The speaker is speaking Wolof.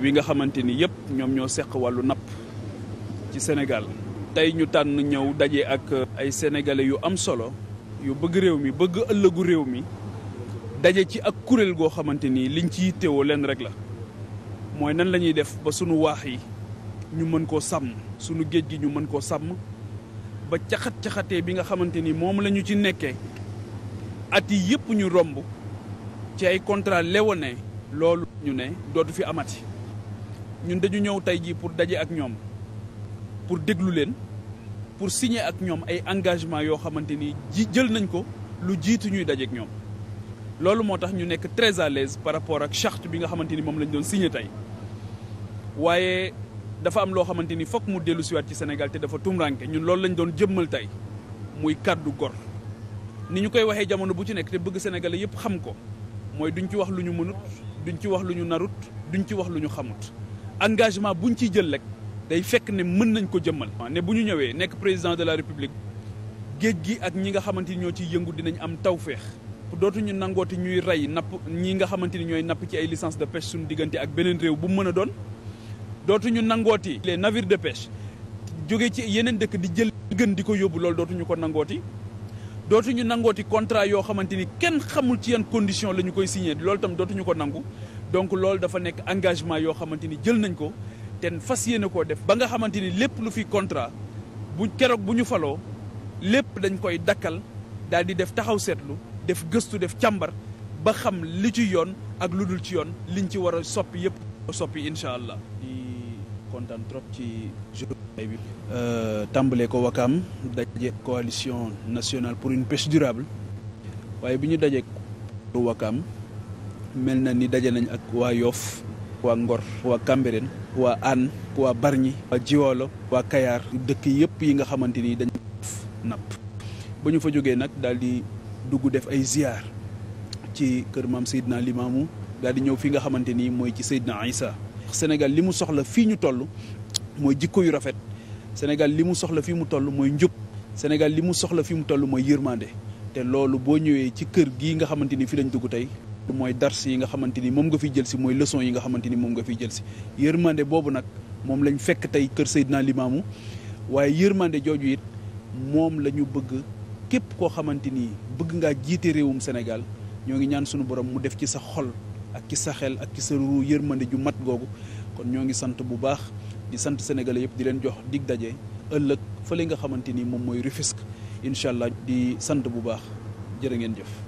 wi nga xamante ni yëpp ñoom ñoo seq wàllu napp ci Sénégal tey ñu tànn ñëw daje ak euh, ay sénégalais yu am solo yu bëgg réew mi bëgg ëllëgu réew mi daje ci ak kuréel goo xamante ni liñ ci yittewoo leen rek la mooy nan la ñuy def ba sunu waax yi ñu mën koo sàmm sunu géej gi ñu mën koo sàmm ba caxat-caxatee bi nga xamante ni moom lañu ci nekkee at yi yëpp ñu romb ci ay contrat léonin loolu ñu ne dootu fi amati ñun dañu ñëw tey jii pour daje ak ñoom pour déglu leen pour signer ak ñoom ay engagement yoo xamante ni ji jël nañ ko lu jiitu ñuy daje ak ñoom. loolu moo tax ñu nekk très à par rapport ak charte bi nga xamante ni moom lañ doon signer tey waaye dafa am loo xamante ni fokk mu dellu siwaat ci Sénégal te dafa tumranke ñun loolu lañ doon jëmmal tey muy kàddu gor. ni ñu koy waxee jamono bu ci nekk te bëgg sénégalais yëpp xam ko mooy duñ ci wax lu ñu mënut duñ ci wax lu ñu narut duñ ci wax lu ñu xamut. engagement bu ñu ciy jël rek day fekk ne mën nañ ko jëmmal. ne bu ñu ñëwee nekk président de la république géej gi ak ñi nga xamante ni ñoo ciy yëngu dinañ am tawféex dootuñu nangooti ñuy rey napp ñi nga xamante ni ñooy napp ci ay licence de pêche suñu diggante ak beneen réew bu mu mën a doon dootuñu nangooti les navires de pêche jóge ci yeneen dëkk di jël gën di ko yóbbu loolu dootuñu ko nangooti ñu nangooti contrat yoo xamante ni kenn xamul ci yan condition la ñu koy signé loolu tam dootuñu ko nangu donc loolu dafa nekk engagement yoo xamante ni jël nañ ko te fas yéene koo def ba nga xamante ni lépp lu fi contrat bu keroog bu ñu faloo lépp dañ koy dakkal daal di def taxaw seetlu def gëstu def càmbar ba xam li ci yoon ak lu dul ci yoon liñ ci war a soppi yëpp soppi incha allah. kontaan trop ci journée bi euh, tàmbalee ko Wakaam daje coalition nationale pour une pêche durable waaye bi ñu daje Wakaam mel na ni daje nañ ak waa Yoff waa Ngor waa Cambérène waa Hann waa Bargny waa Jiwolo waa Kayar dëkk yëpp yi nga xamante ni dañ napp ba ñu fa jógee nag daal di dugg def ay ziar ci kër maam Seydina Limaamu daal di ñëw fi nga xamante ni mooy ci Seydina Isa Sénégal li mu soxla fii ñu toll mooy jikko yu rafet Sénégal li mu soxla fii mu toll mooy njub Sénégal li mu soxla fi mu toll mooy yërmande te loolu boo ñëwee ci kër gii nga xamante ni fi lañ dugg tey mooy dars yi nga xamante ni moom nga fiy jël si mooy leçon yi nga xamante ni moom nga fiy jël si yërmande boobu nag moom lañ fekk tey kër Seydina Limaamu waaye yërmande jooju it moom la ñu bëgg képp koo xamante ni bëgg ngaa jiite réewum Sénégal ñoo ngi ñaan sunu borom mu def ci sa xol ak ci sa xel ak ci sa ruu yërmande ju mat googu kon ñoo ngi sant bu baax di sant sénégalais yëpp di leen jox dig daje ëllëg fa fële nga xamante ni moom mooy Rufisque incha allah di sant bu baax jërë ngeen jëf.